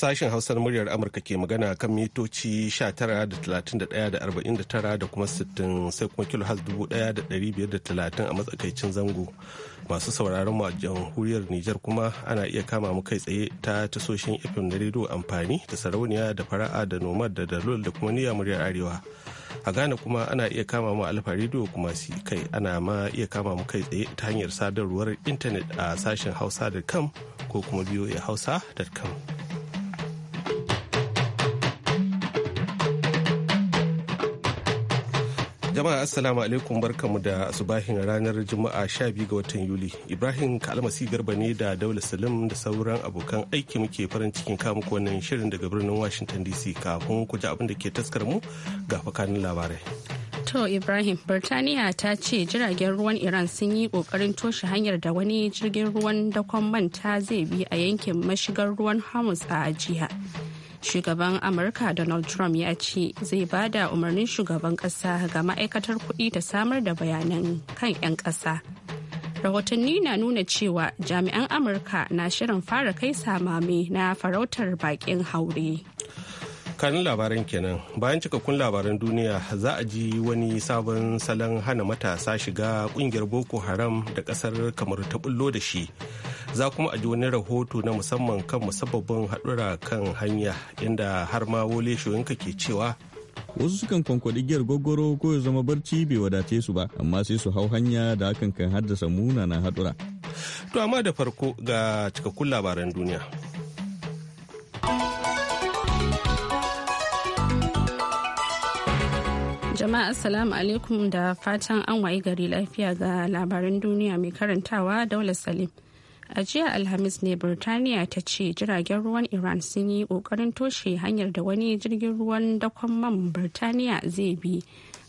Sashen Hausar muryar Amurka ke magana kan mitoci 19.31.49 da kuma 60 sai kuma kilo 1,530 a matsakaicin zango. Masu sauraron mu a jamhuriyar Nijar kuma ana iya kama mu kai tsaye ta tasoshin FM na rediyo amfani da sarauniya da fara'a da nomad da dalol da kuma niyya muryar Arewa. a ghana kuma ana iya kama mu alfa rediyo kuma si kai ana ma iya kama mu kai tsaye ta hanyar sadarwar intanet a sashen hausa.com ko kuma voa hausa.com Jama'a Assalamu alaikum barkamu da asubahin ranar Juma'a 12 ga watan Yuli. Ibrahim Kalmasi Garba ne da Daula Salim da sauran abokan aiki muke farin cikin kamu wannan shirin daga birnin Washington DC kafin ku ji abin da ke taskar mu ga fakanin labarai. To Ibrahim, Birtaniya ta ce jiragen ruwan Iran sun yi kokarin toshe hanyar da wani jirgin ruwan dakon manta zai bi a yankin mashigar ruwan Hamus a jiha. shugaban amurka donald trump ya ce zai ba da umarnin shugaban kasa ga ma'aikatar kuɗi ta samar da bayanan kan 'yan ƙasa rahotanni na nuna cewa jami'an amurka na shirin fara kai samame na farautar bakin haure kanun labaran kenan bayan cikakkun labaran duniya za a ji wani sabon salon hana matasa shiga kungiyar boko haram da kasar kamar ta bullo da shi za kuma a ji wani rahoto na musamman kan musabbabin haɗura kan hanya inda har ma wole shoyinka ke cewa wasu sukan kwankwaɗi giyar gwaggwaro ko ya zama barci bai wadace su ba amma sai su hau hanya da hakan kan haddasa munanan haɗura to amma da farko ga cikakkun labaran duniya Jama'a Assalamu alaikum da fatan an wayi gari lafiya ga labaran duniya mai karantawa daular Salim. A jiya Alhamis ne Birtaniya ta ce jiragen ruwan Iran sun yi kokarin toshe hanyar da wani jirgin ruwan dakon man Birtaniya zai bi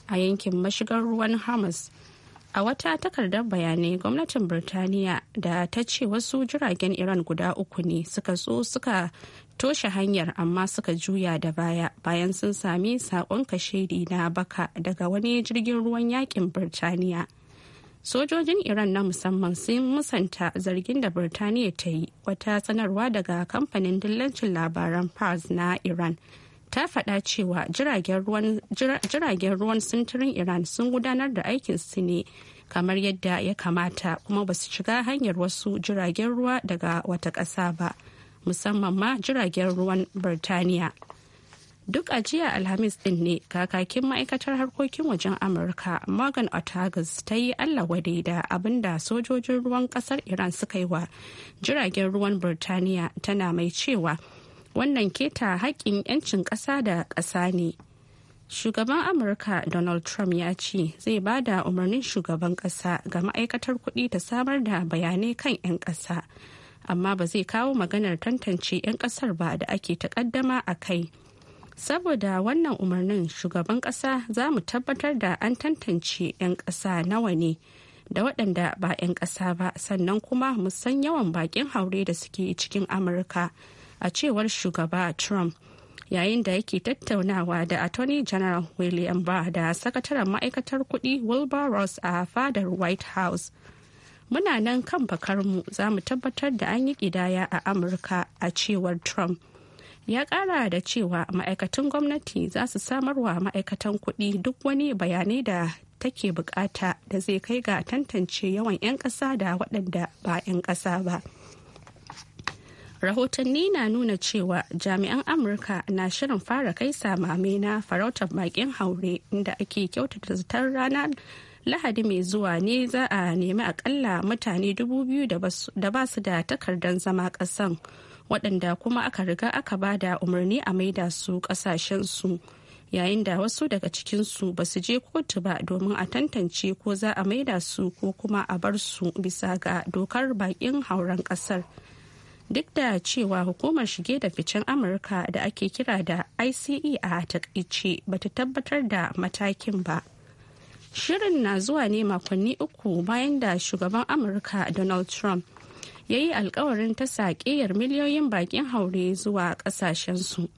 a yankin mashigar ruwan Hamas. A wata takardar bayanai gwamnatin Birtaniya da ta ce wasu jiragen Iran guda uku ne suka so suka toshe hanyar amma suka juya da baya bayan sun sami sakon kashedi na baka daga wani jirgin ruwan yakin birtaniya sojojin iran na musamman sun musanta zargin da birtaniya ta yi wata sanarwa daga kamfanin dillancin labaran fars na iran ta faɗa cewa jiragen ruwan sintirin iran sun gudanar da aikin su ne kamar yadda ya kamata kuma ba su shiga hanyar wasu jiragen ruwa daga wata ƙasa ba. musamman ma jiragen ruwan birtaniya duk a jiya alhamis din ne kakakin ma'aikatar harkokin wajen amurka morgan otagus ta yi allah wade da abin da sojojin ruwan kasar iran suka yi wa jiragen ruwan birtaniya tana mai cewa wannan keta haƙƙin 'yancin ƙasa da ƙasa ne shugaban amurka donald trump ya ce zai ba da umarnin shugaban ƙasa ga ma'aikatar kuɗi ta samar da bayanai kan 'yan ƙasa amma ba zai kawo maganar tantance 'yan kasar ba da ake takaddama a kai saboda wannan umarnin shugaban kasa za mu tabbatar da an tantance 'yan kasa nawa ne da waɗanda ba 'yan kasa ba sannan kuma san yawan bakin haure da suke cikin amurka a cewar shugaba trump yayin da yake tattaunawa da attorney general william barr da sakataren ma'aikatar kuɗi wilbur ross a fadar white house muna nan kan bakarmu za mu tabbatar da an yi ƙidaya a amurka a cewar trump ya kara da cewa ma'aikatan gwamnati za su samarwa ma'aikatan kuɗi duk wani bayanai da take bukata da zai kai ga tantance yawan 'yan ƙasa da waɗanda ba 'yan ƙasa ba rahotanni na nuna cewa jami'an amurka na shirin fara kai samame na farautar bakin haure inda ake kyautata zitar ranar lahadi mai zuwa ne za a nemi akalla mutane dubu biyu da ba su da takardar zama kasan waɗanda kuma aka riga aka ba da umarni a maida su ƙasashensu yayin da wasu daga cikinsu ba su je kotu ba domin a tantance ko za a maida su ko kuma a bar su bisa ga dokar bakin hauren ƙasar duk da cewa hukumar shige da ficen amurka da ake kira da ice a takaice bata tabbatar da matakin ba. Shirin na zuwa ne makonni uku bayan da shugaban Amurka Donald Trump ya yi alkawarin ta saƙeyar miliyoyin baƙin haure zuwa ƙasashensu.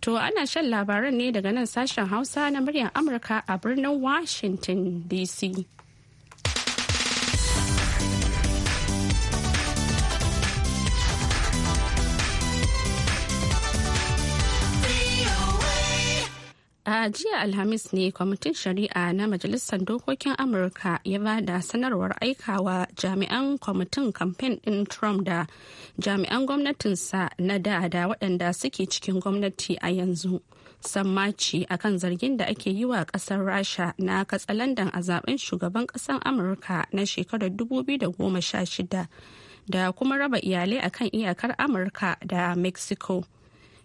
To ana shan labaran ne daga nan sashen Hausa na muryar Amurka a birnin Washington DC. A jiya Alhamis ne kwamitin shari'a na Majalisar Dokokin Amurka ya ba da sanarwar aikawa jami'an kwamitin kamfen ɗin Trump da jami'an gwamnatinsa na da da waɗanda suke cikin gwamnati a yanzu. sammaci a kan zargin da ake yi wa ƙasar rasha na katsalandan a zaben shugaban ƙasar amurka na shekarar 2016 da kuma raba iyalai akan iyakar amurka da mexico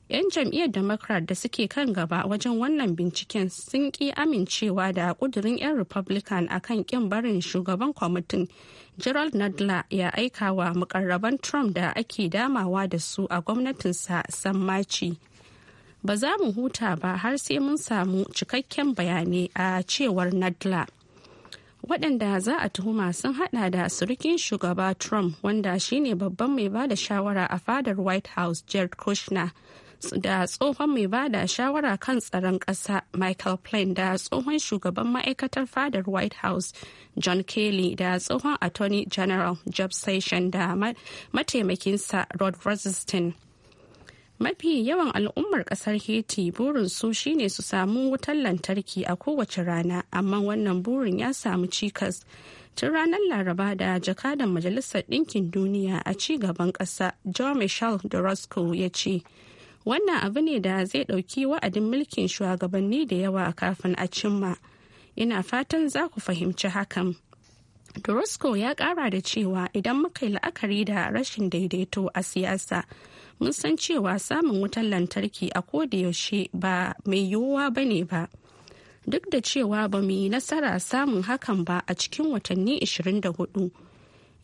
'yan jam'iyyar democrat da suke kan gaba wajen wannan binciken sun ki amincewa da kudurin 'yan republican a kan kin barin shugaban kwamitin gerald nadler ya aika wa mukarraban trump da ake damawa da su a gwamnatinsa sammaci ba za mu huta ba har sai mun samu cikakken bayanai a cewar nadler waɗanda za a tuhuma sun hada da surukin shugaba trump wanda shine babban mai ba da shawara a fadar white house jared kushner da tsohon mai bada shawara kan tsaron ƙasa michael plain da tsohon shugaban ma'aikatar fadar white house john kelly da tsohon attorney general job session da mataimakinsa rod rosenstein mafi yawan al'ummar kasar haiti burin su shine su samu wutar lantarki a kowace rana amma wannan burin ya samu cikas tun ranar laraba da jakadan majalisar ɗinkin duniya a ci gaban ƙasa john michel de ya ce wannan abu ne da zai ɗauki wa'adin mulkin shugabanni da yawa kafin a cimma ina fatan za ku fahimci hakan drosco ya ƙara da cewa idan muka yi la'akari da rashin daidaito a siyasa mun san cewa samun wutar lantarki a kodayaushe ba mai yiwuwa ba ne ba duk da cewa ba mu yi nasara samun hakan ba a cikin watanni 24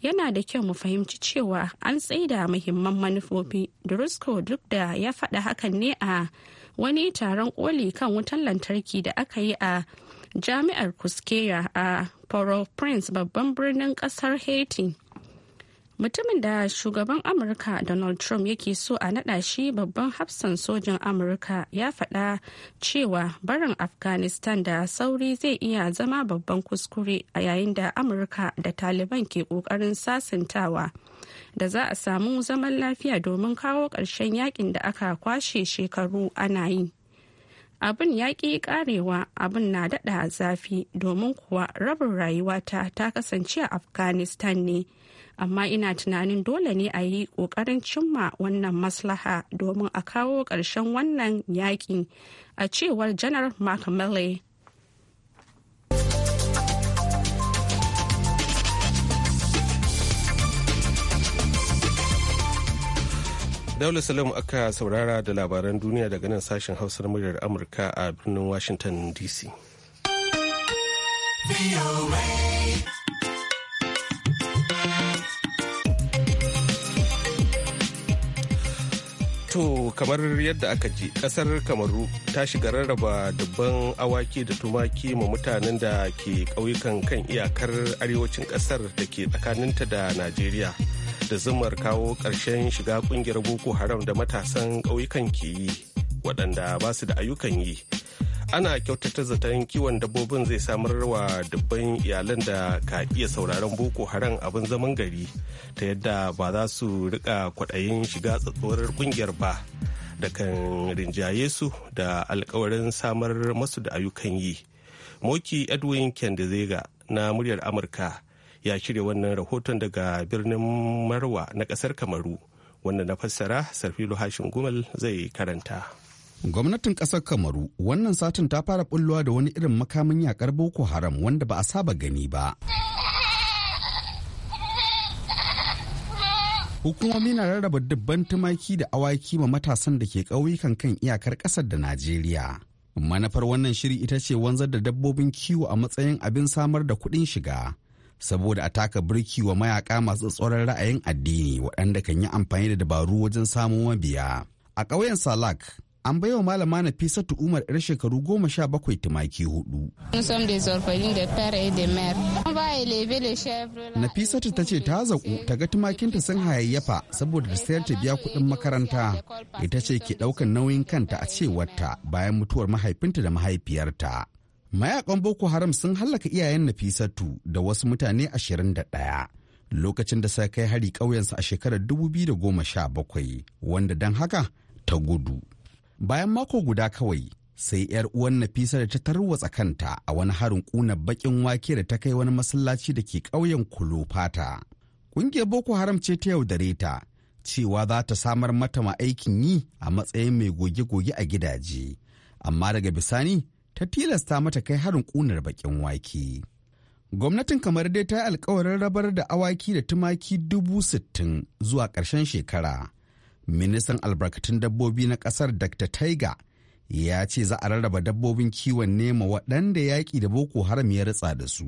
yana da kyau mu fahimci cewa an tsaida muhimman manufofi drusko duk da ya faɗa hakan ne a wani taron koli kan wutan lantarki da aka yi a jami'ar kuskeya a port prince babban birnin ƙasar haiti mutumin da shugaban amurka donald trump yake so a nada shi babban hafsan sojin amurka ya faɗa cewa barin afghanistan da sauri zai iya zama babban kuskure a yayin da amurka da taliban ke ƙoƙarin sasantawa da za a samu zaman lafiya domin kawo ƙarshen yakin da aka kwashe shekaru ana yi abin yaƙi ƙarewa abin na daɗa zafi domin kuwa rabin rayuwata ta kasance a afghanistan ne amma ina tunanin dole ne a yi ƙoƙarin cimma wannan maslaha domin a kawo ƙarshen wannan yaƙi a cewar janar mark Milley. Daula Salam aka saurara da labaran duniya daga nan sashen hausar muryar Amurka a birnin Washington DC. To kamar yadda aka ji kasar Kamaru ta shiga rarraba dubban awaki da tumaki ma mutanen da ke ƙauyukan kan iyakar arewacin ƙasar da ke tsakaninta da Najeriya. Da zumar kawo ƙarshen shiga ƙungiyar Boko Haram da matasan ƙauyukan ke yi waɗanda ba su da ayyukan yi ana kyautata zaton kiwon dabbobin zai samar wa dubban iyalan da ka iya sauraron boko haram abin zaman gari ta yadda ba za su rika kwaɗayin shiga tsatsuwar kungiyar ba da kan rinjaye su da alkawarin samar masu da ayyukan yi moki edwin kendezega na muryar amurka ya shirya wannan rahoton daga birnin marwa na ƙasar kamaru wanda na fassara sarfilo hashin gumal zai karanta Gwamnatin ƙasar Kamaru wannan satin ta fara bullowa da wani irin makamin yakar Boko Haram wanda ba a saba gani ba. Hukumomi na rarraba dubban tumaki da awaki ma matasan da ke ƙauyukan kan iyakar ƙasar da Najeriya. Manafar wannan shiri ita ce wanzar da dabbobin kiwo a matsayin abin samar da kuɗin shiga. saboda a taka birki wa mayaka masu tsoron ra'ayin addini waɗanda kan yi amfani da dabaru wajen samun mabiya. A ƙauyen Salak an bai wa malama na umar yar shekaru goma sha bakwai tumaki hudu. na fisatu ta ce ta zaku ta ga tumakinta sun hayayyafa saboda da sayar ta biya kuɗin makaranta ita ce ke ɗaukan nauyin kanta a cewarta bayan mutuwar mahaifinta da mahaifiyarta. mayakan boko haram sun hallaka iyayen nafisatu da wasu mutane ashirin da ɗaya. lokacin da sa kai hari ƙauyensu a shekarar dubu da goma 2017 wanda don haka ta gudu bayan mako guda kawai sai 'yar uwan nafisa da ta tarwatsa kanta a wani harin kuna bakin wake da ta kai wani masallaci da ke ƙauyen kulofata ƙungiyar boko haram ce ta yaudare ta cewa za ta samar mata ma aikin yi a matsayin mai goge-goge a gidaje amma daga bisani ta tilasta mata kai harin kunar bakin wake gwamnatin kamar dai ta yi alkawarin rabar da awaki da tumaki dubu sittin zuwa ƙarshen shekara ministan albarkatun dabbobi na kasar dr taiga ya ce za a rarraba dabbobin kiwon nema waɗanda yaƙi da boko haram ya ritsa da su.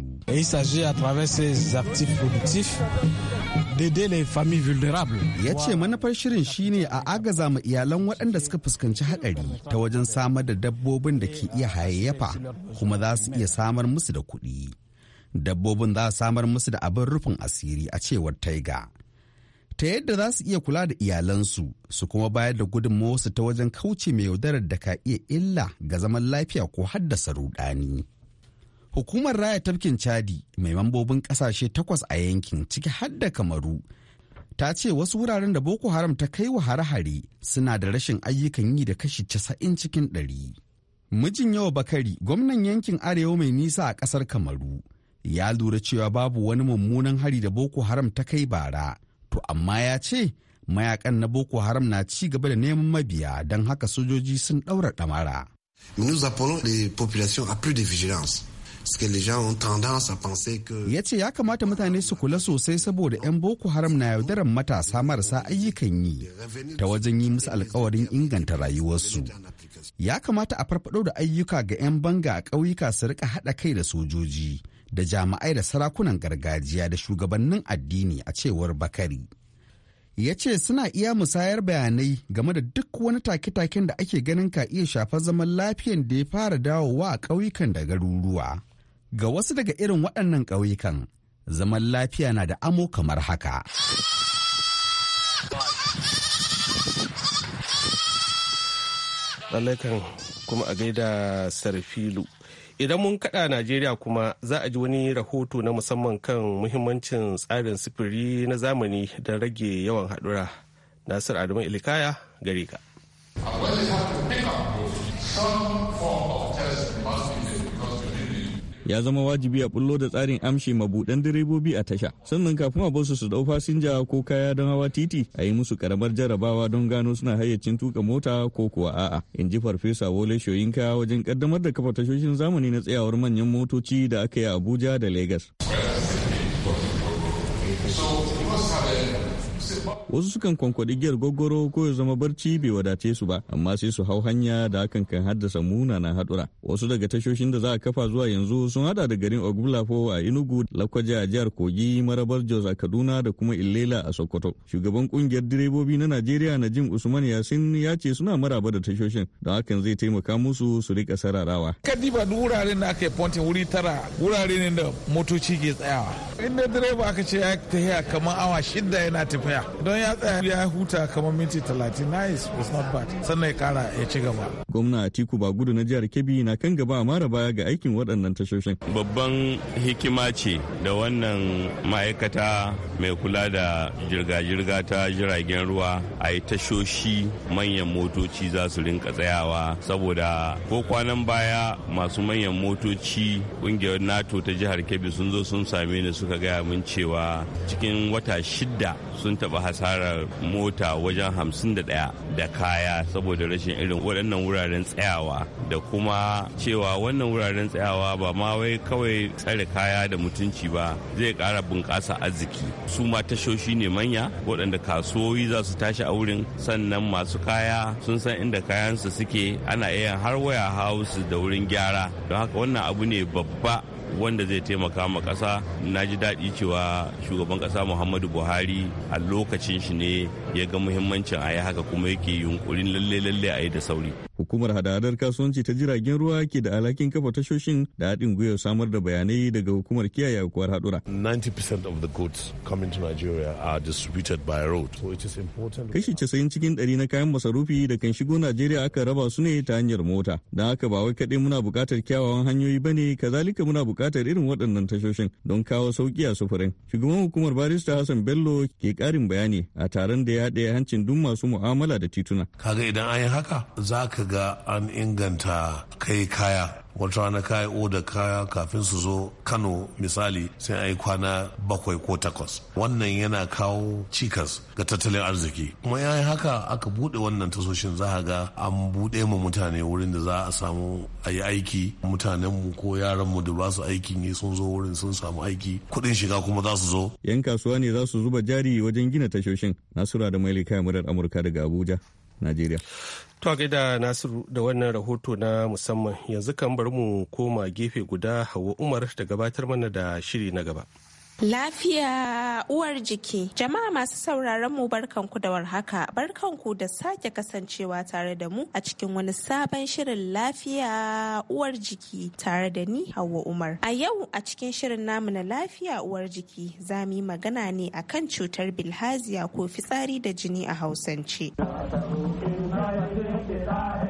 Ya ce manufar shirin shine a agaza ma iyalan waɗanda suka fuskanci haɗari ta wajen samar da dabbobin da ke iya hayayyafa kuma za su iya samar musu da kuɗi. Dabbobin za samar musu da abin rufin asiri a cewar taiga. ta yadda za su iya kula da iyalansu su kuma bayar da su ta wajen kauce mai yaudarar da ka iya illa ga zaman lafiya ko haddasa rudani. Hukumar Raya Tafkin Chadi mai mambobin kasashe takwas a yankin ciki har da Kamaru ta ce wasu wuraren da Boko Haram ta kai wa hare-hare suna da rashin ayyukan yi da kashi casa'in cikin ɗari. Mijin yawa Bakari gwamnan yankin Arewa mai nisa a ƙasar Kamaru ya lura cewa babu wani mummunan hari da Boko Haram ta kai bara. to amma ya ce mayakan na boko haram na ci gaba da neman mabiya don haka sojoji sun ɗaura ɗamara. Nous appelons les populations à plus ya ce ya kamata mutane su kula sosai saboda 'yan boko haram na yaudaran matasa marasa ayyukan yi ta wajen yi musu alkawarin inganta rayuwarsu ya kamata a farfado da ayyuka ga 'yan banga a ƙauyuka su rika haɗa kai da sojoji da jami'ai da sarakunan gargajiya da shugabannin addini a cewar Bakari. Ya ce suna iya musayar bayanai game da duk wani take-taken da ake ganin ka iya shafar zaman lafiyan da ya fara dawowa a ƙauyukan da garuruwa. Ga wasu daga irin waɗannan ƙauyukan, zaman lafiya na da amo kamar haka. lallai kan kuma a gaida sarfilu Idan mun kada Najeriya kuma za a ji wani rahoto na musamman kan muhimmancin tsarin sufuri na zamani don rage yawan haɗura. Nasir Adamu Ilikaya gare ka. ya zama wajibi a bullo da tsarin amshi mabudan direbobi a tasha sannan kafin a basu su dau fasinja ko kaya don hawa titi a yi musu karamar jarabawa don gano suna hayyacin tuka mota ko kuwa a'a in ji farfesa wole shoyinka wajen kaddamar da kafa tashoshin zamani na tsayawar manyan motoci da aka yi a abuja da legas. wasu sukan kwankwadi giyar gwaggwaro ko ya zama barci bai wadace su ba amma sai su hau hanya da hakan kan haddasa muna na hadura. wasu daga tashoshin da za a kafa zuwa yanzu sun hada da garin ogbulafo a inugu lakwaja a jihar kogi marabar jos a kaduna da kuma illela a sokoto shugaban kungiyar direbobi na najeriya najim usman yasin ya ce suna maraba da tashoshin don hakan zai taimaka musu su rika sararawa kadi ba duk wuraren da aka yi wuri tara wurare da motoci ke tsayawa inda direba aka ce ya tafiya kamar awa shida yana tafiya don ya tsaya ya huta kamar minti talatin nice was not bad sannan ya kara ya ci gaba gwamna atiku ba gudu na jihar kebbi na kan gaba a mara baya ga aikin waɗannan tashoshin babban hikima ce da wannan ma'aikata mai kula da jirga-jirga ta jiragen ruwa a yi tashoshi manyan motoci za su rinka tsayawa saboda ko kwanan baya masu manyan motoci ƙungiyar nato ta jihar kebbi sun zo sun same ni suka gaya min cewa cikin wata shidda sun taɓa hasara ƙara mota wajen hamsin da ɗaya da kaya saboda rashin irin waɗannan wuraren tsayawa da kuma cewa wannan wuraren tsayawa ba ma wai kawai tsare kaya da mutunci ba zai ƙara bunƙasa arziki su ma tashoshi ne manya waɗanda kasuwoyi za su tashi a wurin sannan masu kaya sun san inda kayansu suke ana iya har waya hausu da wurin gyara don haka wannan abu ne babba wanda zai taimaka ma ƙasa na ji daɗi cewa shugaban ƙasa muhammadu buhari a lokacin shi ne ya ga muhimmancin a yi haka kuma yake yunkurin lalle lalle a yi da sauri Hukumar hadadar kasuwanci ta jiragen ruwa ke da alhakin kafa tashoshin da haɗin gwiwar samar da bayanai daga hukumar kiyaye aukuwar hadura. 90% of the goods coming to Nigeria are distributed Kashi casa'in cikin ɗari na kayan masarufi da kan shigo Najeriya aka raba su ne ta hanyar mota. Don haka ba wai kaɗai muna buƙatar kyawawan hanyoyi ba ne, kazalika muna buƙatar irin waɗannan tashoshin don kawo sauƙi a sufurin. Shugaban hukumar barista Hassan Bello ke ƙarin bayani a taron da ya haɗe hancin duk masu mu'amala da tituna. Kaga idan an yi haka za ka ka ga an inganta kai kaya wata rana yi oda kaya kafin su zo kano misali sai a yi kwana bakwai ko takwas wannan yana kawo cikas ga tattalin arziki kuma ya haka aka bude wannan tasoshin za a ga an bude mu mutane wurin da za a samu a yi aiki mutanen mu ko yaranmu da ba su aikin yi sun zo wurin sun samu aiki kuɗin shiga kuma za su zo yan kasuwa ne za su zuba jari wajen gina tashoshin nasura da mailika murar amurka daga abuja najeriya To gaida Nasiru da wannan rahoto na musamman yanzu kan bar mu koma gefe guda Hauwa Umar da gabatar mana da shiri na gaba. Lafiya uwar jiki. Jama'a masu sauraron mu barkanku da warhaka. Barkanku da sake kasancewa tare da mu a cikin wani sabon shirin lafiya uwar jiki tare da ni Hauwa Umar. A yau a cikin shirin namu na lafiya uwar jiki za mu yi magana ne akan cutar bilhaziya ko fitsari da jini a Hausance. دیتا ہے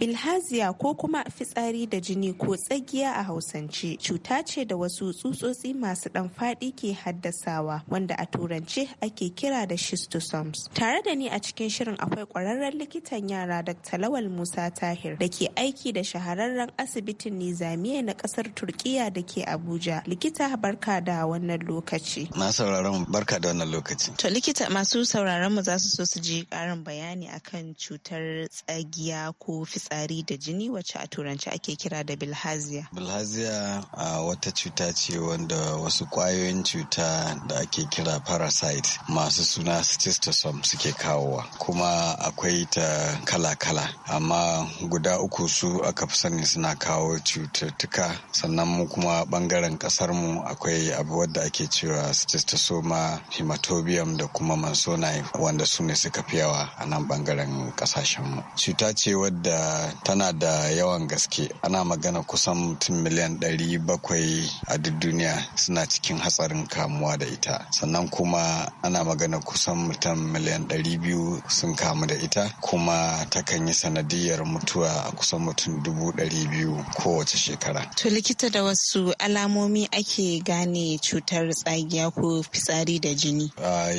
bilhaziya ko kuma fitsari da jini ko tsagiya a hausance cuta ce da wasu tsutsotsi masu dan faɗi ke haddasawa wanda a turance ake kira da schistosomes tare da ni a cikin shirin akwai kwararren likitan yara da lawal musa tahir da ke aiki da shahararren asibitin nizamiya na kasar turkiya da ke abuja likita barka da wannan lokaci masu sauraron barka da wannan lokaci to likita masu sauraron mu za su so su ji ƙarin bayani akan cutar tsagiya ko fitsari fitsari da jini wacce a turanci ake kira da bilhaziya. Bilhaziya a wata cuta ce wanda wasu ƙwayoyin cuta da ake kira parasite masu suna cystosome suke kawowa kuma akwai ta kala-kala amma guda uku su aka fi sani suna kawo cututtuka sannan mu kuma ɓangaren kasar mu akwai abu wadda ake cewa cystosoma hematobium da kuma mansonai wanda su ne suka fi yawa a nan bangaren kasashen mu cuta ce wadda tana da yawan gaske ana magana kusan mutum miliyan 700 a duk duniya suna cikin hatsarin kamuwa da ita sannan kuma ana magana kusan mutum miliyan 200 sun kamu da ita kuma takan yi sanadiyar mutuwa a kusan mutum 200 kowace shekara to likita da wasu alamomi ake gane cutar tsagiya ko fitsari da jini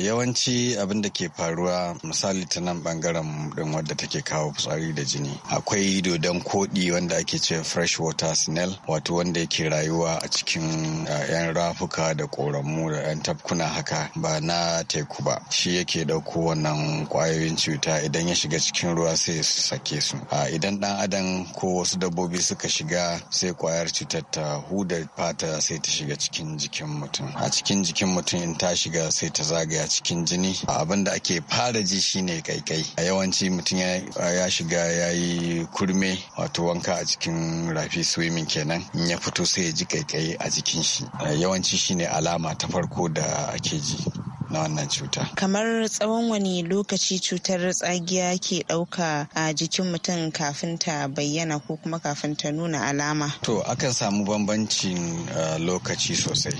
yawanci abin da ke faruwa misali ta nan bangaren din wadda take kawo fitsari da jini akwai dodon koɗi wanda ake ce fresh water snail wato wanda yake rayuwa a cikin yan rafuka da ƙoramu da yan tafkuna haka ba na teku ba shi yake ɗauko wannan ƙwayoyin cuta idan ya shiga cikin ruwa sai su sake su idan ɗan adam ko wasu dabbobi suka shiga sai ƙwayar cutar ta huda fata sai ta shiga cikin jikin mutum a cikin jikin mutum in ta shiga sai ta zagaya cikin jini abin da ake fara ji shine kaikai a yawanci mutum ya shiga ya yi kurme wato wanka a cikin rafi swimming kenan in ya fito sai ya ji kaikayi a jikin shi eh, yawanci shine alama ta farko da ake ji na wannan cuta kamar tsawon wani lokaci cutar tsagiya ke ɗauka a jikin mutum kafin ta bayyana ko kuma kafin ta nuna alama to akan samu bambancin eh, lokaci sosai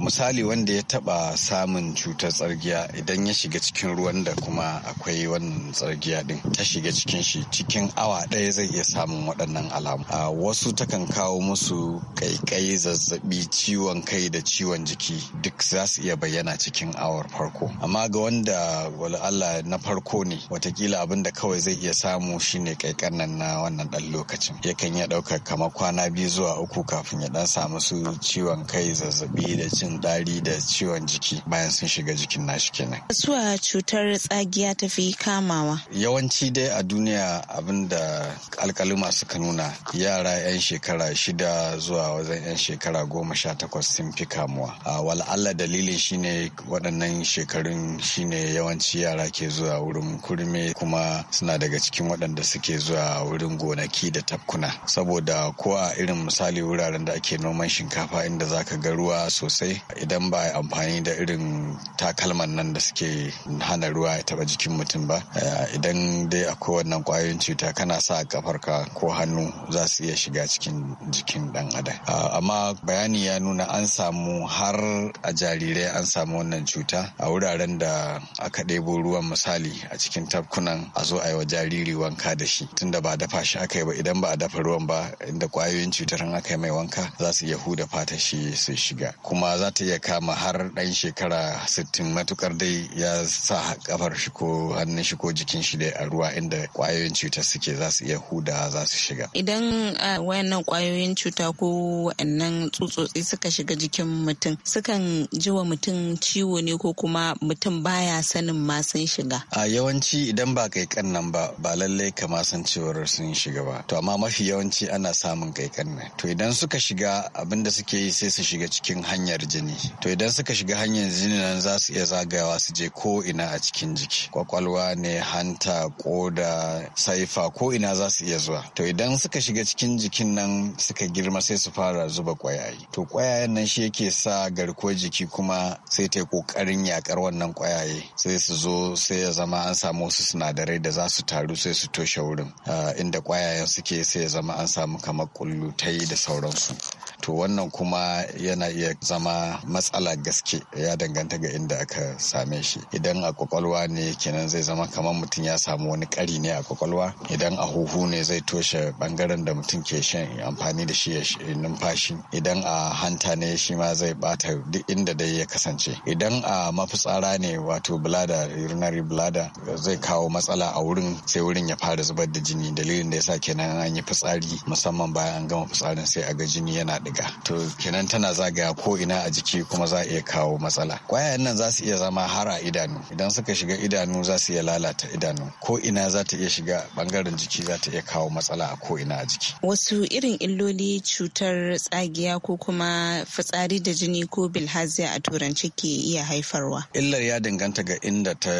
misali wanda ya taɓa samun cutar tsargiya idan ya shiga cikin ruwan da kuma akwai wannan tsargiya din ta shiga cikin shi cikin awa ɗaya zai iya samun waɗannan alamu a wasu takan kawo musu kaikai zazzabi ciwon kai da ciwon jiki duk za su iya bayyana cikin awa awar farko amma ga wanda wala Allah na farko ne watakila abin da kawai zai iya samu shine kai na wannan dan lokacin yakan iya ɗaukar kamar kwana biyu zuwa uku kafin ya dan samu su ciwon kai zazzabi da jin dari da ciwon jiki bayan sun shiga jikin nashi kenan suwa cutar tsagiya ta fi kamawa yawanci dai a duniya abin da alkaluma suka nuna yara 'yan shekara shida zuwa wajen 'yan shekara goma sha takwas sun fi kamuwa wala Allah dalilin shine waɗannan wannan shekarun shine yawanci yara ke zuwa wurin kurme kuma suna daga cikin waɗanda suke zuwa wurin gonaki da tafkuna saboda ko a irin misali wuraren da ake noman shinkafa inda zaka ga ruwa sosai idan ba amfani da irin takalman nan da suke hana ruwa ya taba jikin mutum ba eh, idan dai akwai wannan kwayoyin cuta kana sa kafarka ko hannu za su iya shiga cikin jikin dan adam ah, amma bayani ya nuna an samu har a jarirai an samu wannan cuta mata a wuraren da aka ɗebo ruwan misali a cikin tafkunan a zo a yi wa jariri wanka da shi tunda ba dafa shi aka yi ba idan ba a dafa ruwan ba inda kwayoyin cutar in aka yi mai wanka za su iya huda fata shi su shiga kuma za ta iya kama har ɗan shekara sittin matukar dai ya sa kafar shi ko hannun shi ko jikin shi dai a ruwa inda kwayoyin cutar suke za su iya huda za su shiga idan wayannan kwayoyin cuta ko wayannan tsutsotsi suka shiga jikin mutum sukan ji wa mutum ciwo ne ne ko kuma mutum baya sanin ma sun shiga a yawanci idan ba kai kan nan ba ba lallai kama san cewar sun shiga ba to amma mafi yawanci ana samun kai kan nan to idan suka shiga abin da suke yi sai su shiga cikin hanyar jini to idan suka shiga hanyar jini nan za su iya zagayawa su je ko ina a cikin jiki kwakwalwa ne hanta koda saifa ko ina za su iya zuwa to idan suka shiga cikin jikin nan suka girma sai su fara zuba kwayaye to kwayayen nan shi yake sa garkuwar jiki kuma sai ta yi kokarin yakar wannan kwayaye sai su zo sai ya zama an samu wasu sinadarai da za su taru sai su toshe wurin ah, inda kwayayen suke sai ya zama an samu kamar kullutai da sauransu to wannan kuma yana iya zama matsala gaske ya danganta ga inda aka same shi idan a kwakwalwa ne kenan zai zama kamar mutum ya samu wani kari ne a kwakwalwa idan a huhu ne zai toshe bangaren da mutum ke shan amfani da shi ya numfashi idan a hanta ne shi ma zai bata duk inda dai ya kasance idan a mafitsara ne wato bulada urinary bulada zai kawo matsala a wurin sai wurin ya fara zubar da jini dalilin da yasa kenan an yi fitsari musamman bayan an gama fitsarin sai a ga jini yana diga to kenan tana zagaya ko ina a jiki kuma za iya kawo matsala ƙwayayen nan za su iya zama hara idanu idan suka shiga idanu za su iya lalata idanu ko ina za ta iya shiga bangaren jiki za ta iya kawo matsala a ko ina a jiki wasu irin illoli cutar tsagiya ko kuma fitsari da jini ko bilhaziya a turance ke iya haifarwa illar ya danganta ga inda ta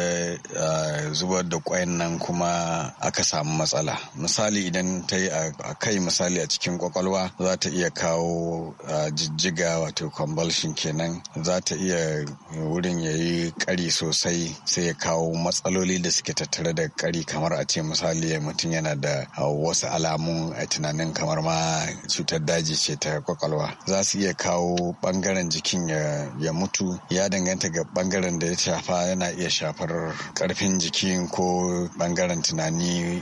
zubar da ƙwayan nan kuma aka samu matsala misali idan ta yi a kai misali a cikin kwakwalwa za ta iya kawo kawo jijjiga wato convulsion kenan za ta iya wurin ya yi kari sosai sai ya kawo matsaloli da suke tattare da kari kamar a ce misali mutum yana da wasu alamun a tunanin kamar ma cutar daji ce ta kwakwalwa za su iya kawo bangaren jikin ya mutu ya danganta ga bangaren da ya shafa yana iya shafar karfin jikin ko bangaren tunani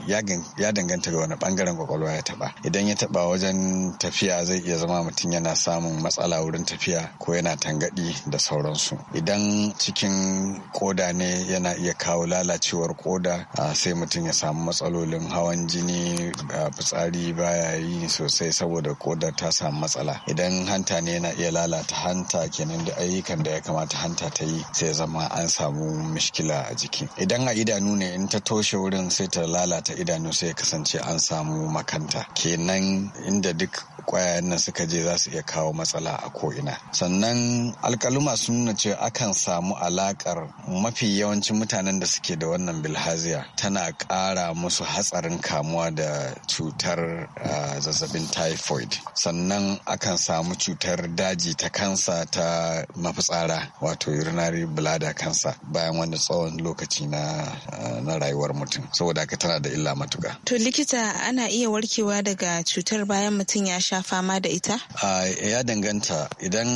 ya danganta ga wani bangaren kwakwalwa ya taba idan ya taba wajen tafiya zai iya zama mutum yana samun matsala wurin tafiya ko yana tangadi da sauransu idan cikin koda ne yana iya kawo lalacewar koda sai mutum ya samu matsalolin hawan jini fitsari baya yi sosai saboda koda ta samu matsala idan hanta ne yana iya lalata hanta kenan da ayyukan da ya kamata hanta ta yi sai zama an samu mishkila a jiki idan a idanu ne in ta toshe wurin sai ta lalata idanu sai ya kasance an samu makanta kenan inda duk kwayayen nan suka je dai za su iya kawo matsala a ko'ina sannan alkaluma sun nuna cewa akan samu alakar mafi yawancin mutanen da suke da wannan bilhaziya tana ƙara musu hatsarin kamuwa da cutar ah, zazzabin typhoid sannan akan samu cutar daji ta kansa ta mafitsara wato urinary bladder kansa bayan wani tsawon lokaci na ah, na rayuwar mutum saboda haka tana da illa matuka to likita ana iya warkewa daga cutar bayan mutum ya sha fama da ita A ya danganta idan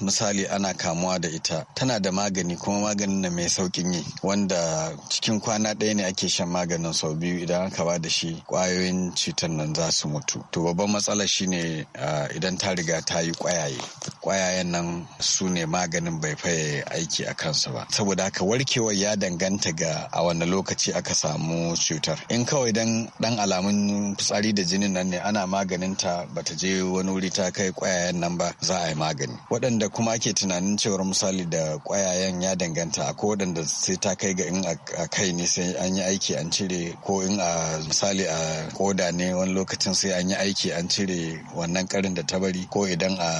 misali ana kamuwa da ita tana da magani kuma maganin na mai saukin yi wanda cikin kwana ɗaya ne ake shan maganin sau biyu idan aka ba da shi ƙwayoyin cutar nan za su mutu to babban matsala shine idan ta riga ta yi ƙwayaye ƙwayayen nan su ne maganin bai faye aiki a kansu ba saboda haka warkewar ya danganta ga a wani lokaci aka samu cutar in kawai dan dan alamun fitsari da jinin nan ne ana maganin ta bata je wani wuri ta kai kwayayen nan ba za a yi magani waɗanda kuma ake tunanin cewar misali da kwayayen ya danganta akwai waɗanda sai ta kai ga in a kai ne sai an yi aiki an cire ko in a misali a koda ne wani lokacin sai an yi aiki an cire wannan karin da ta bari ko idan a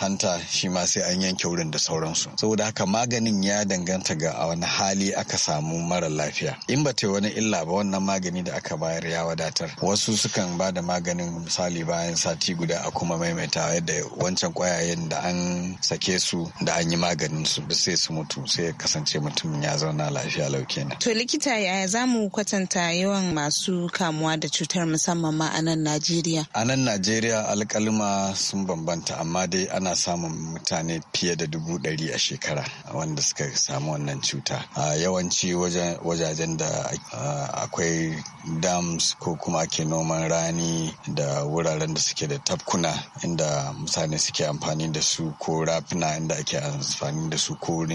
hanta shi ma sai an yanke wurin da sauransu saboda haka maganin ya danganta ga a wani hali aka samu mara lafiya in ba ta wani illa ba wannan magani da aka bayar ya wadatar wasu sukan ba da maganin misali bayan sati guda a kuma maimaita tare da wancan kwayayen da an sake su da an yi maganin su duk sai su mutu sai ya kasance mutum ya zauna lafiya lau kenan. To likita yaya za mu kwatanta yawan masu kamuwa da cutar musamman ma a nan Najeriya? A nan Najeriya alkalima sun bambanta amma dai ana samun mutane fiye da dubu ɗari a shekara wanda suka samu wannan cuta. A yawanci wajajen da akwai dams ko kuma ake noman rani da wuraren da suke da tafkuna inda da mutane suke amfani da su ko rafina inda ake amfani da su ko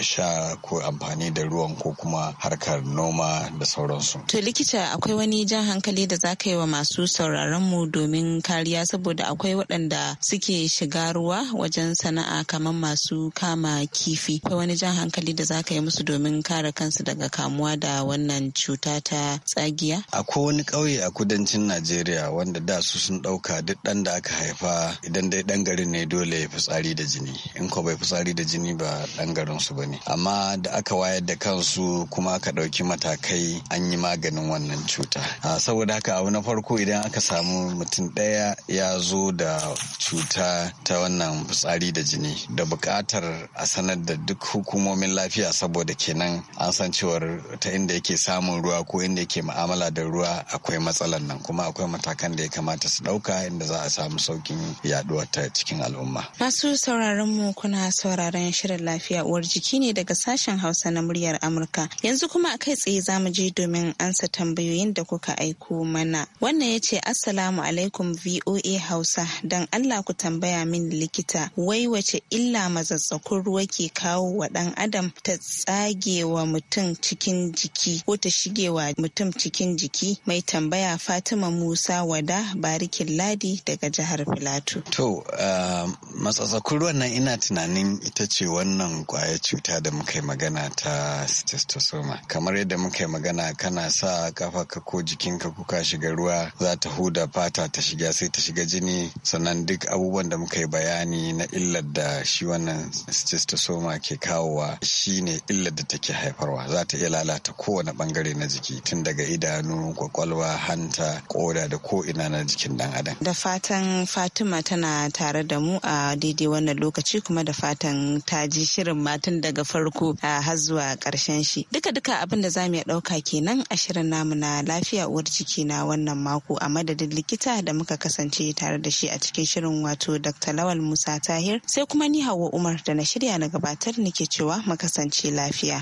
sha ko amfani da ruwan ko kuma harkar noma da sauransu. To likita akwai wani jan hankali da za ka yi wa masu sauraron mu domin kariya saboda akwai waɗanda suke shiga ruwa wajen sana'a kamar masu kama kifi. Akwai wani jan hankali da za ka yi musu domin kare kansu daga kamuwa da wannan cuta ta tsagiya? Akwai wani ƙauye a kudancin Najeriya wanda da su sun ɗauka duk ɗan da aka haifa idan dai ɗan garin ne dole ya fitsari da jini in ko bai fitsari da jini ba ɗan garin su bane amma da aka wayar da kansu kuma aka ɗauki matakai an yi maganin wannan cuta saboda haka abu na farko idan aka samu mutum ɗaya ya zo da cuta ta wannan fitsari da jini da buƙatar a sanar da duk hukumomin lafiya saboda kenan an san cewar ta inda yake samun ruwa ko inda yake mu'amala da ruwa akwai matsalar nan kuma akwai matakan da ya kamata su ɗauka inda za a samu saukin rashin yaduwar ta cikin al'umma. Masu sauraron mu kuna sauraron shirin lafiya uwar jiki ne daga sashen Hausa na muryar Amurka. Yanzu kuma a kai tsaye za mu je domin ansa tambayoyin da kuka aiko mana. Wannan ya ce Assalamu alaikum VOA Hausa dan Allah ku tambaya min likita wai wace illa mazatsakun ruwa ke kawo wa dan adam ta tsagewa mutum cikin jiki ko ta shigewa mutum cikin jiki mai tambaya Fatima Musa Wada Barikin Ladi daga jihar Filato. wabarakatu. To, uh, matsatsakun ruwan nan ina tunanin ita ce wannan kwaya cuta da muka yi magana ta stestosoma Kamar yadda muka yi magana kana sa kafa ka ko ka kuka shiga ruwa za ta huda fata ta shiga sai ta shiga jini sannan duk abubuwan da muka yi bayani na illar da shi wannan steatosoma ke kawowa shine illar da take haifarwa za ta iya lalata kowane bangare na jiki tun daga idanu kwakwalwa hanta koda da ko ina na jikin dan adam. Da fatan Fatima Fatima tana tare da mu a daidai wannan lokaci kuma da fatan ta ji shirin matan daga farko a har zuwa karshen shi. Duka duka abin da za mu iya ɗauka kenan a shirin namu na lafiya uwar jiki na wannan mako a madadin likita da muka kasance tare da shi a cikin shirin wato Dr. Lawal Musa Tahir sai kuma ni Hauwa Umar da na shirya na gabatar nake cewa mu kasance lafiya.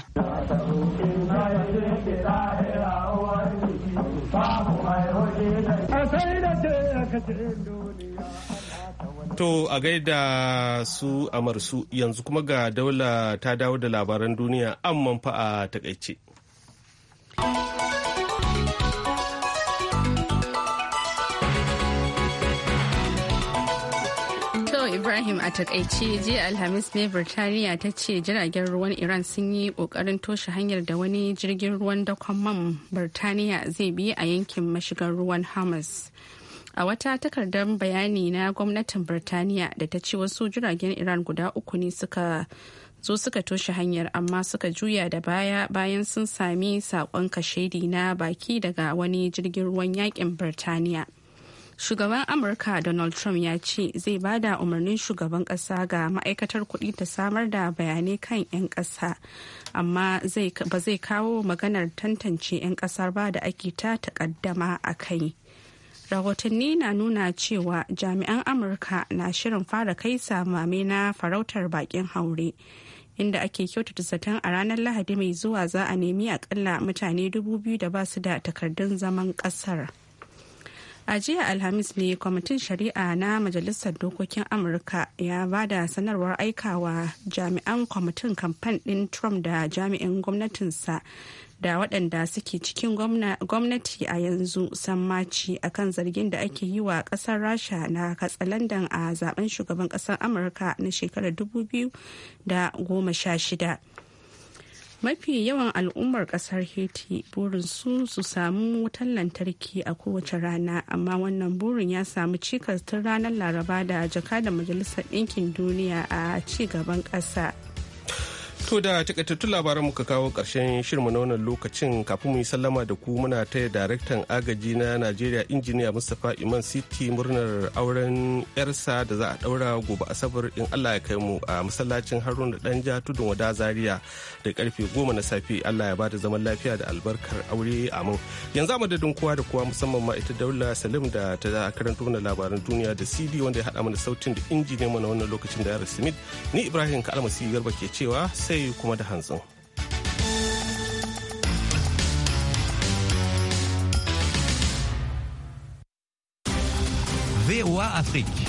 Thank you. To a gaida su amarsu yanzu kuma ga daula ta dawo da labaran duniya amman fa a takaice. Ibrahim a takaice jiya Alhamis ne Birtaniya ta ce jiragen ruwan Iran sun yi kokarin toshe hanyar da wani jirgin ruwan dakon man Birtaniya zai bi a yankin mashigar ruwan Hamas. a wata takardar bayani na gwamnatin birtaniya da ta ce wasu jiragen iran guda uku ne suka zo suka toshe hanyar amma suka juya da baya bayan sun sami sakon kashedi na baki daga wani jirgin ruwan yakin birtaniya shugaban amurka donald trump ya ce zai ba da umarnin shugaban kasa ga ma'aikatar kuɗi ta samar da bayanai kan 'yan kasa amma ba zai kawo maganar tantance 'yan kasar ba da ake ta takaddama a kai rahotanni na nuna cewa jami'an amurka na shirin fara kai samame na farautar bakin haure inda ake kyautata zaton a ranar lahadi mai zuwa za a nemi akalla mutane dubu biyu da ba su da takardun zaman kasar a jiya alhamis ne kwamitin shari'a na majalisar dokokin amurka ya ba da sanarwar aikawa jami'an kwamitin kamfan din trump da jami'in gwamnatinsa da waɗanda suke cikin gwamnati a yanzu san maci a kan zargin da ake yi wa ƙasar rasha na katsalandan a zaben shugaban ƙasar amurka na shekarar 2016 mafi yawan al'ummar kasar haiti burin su su samu wutar lantarki a kowace rana amma wannan burin ya samu cikas tun ranar laraba da jaka da majalisar ɗinkin duniya a ci gaban ƙasa To da takaitattun labaran muka kawo ƙarshen shirma na wannan lokacin kafin mu yi sallama da ku muna taya daraktan agaji na Najeriya injiniya Mustapha Iman City murnar auren yarsa da za a daura gobe Asabar in Allah ya kai mu a masallacin Haruna Danja tudun wada Zaria da karfe goma na safe Allah ya bada zaman lafiya da albarkar aure amin. Yanzu a madadin kowa da kowa musamman ma ita Daula Salim da ta karanto wani labaran duniya da CD wanda ya haɗa mana sautin da injiniyan mu na wannan lokacin da ya Smith ni Ibrahim Kalmasi Garba ke cewa sai sai kuma da hantsin. VOA Afrique.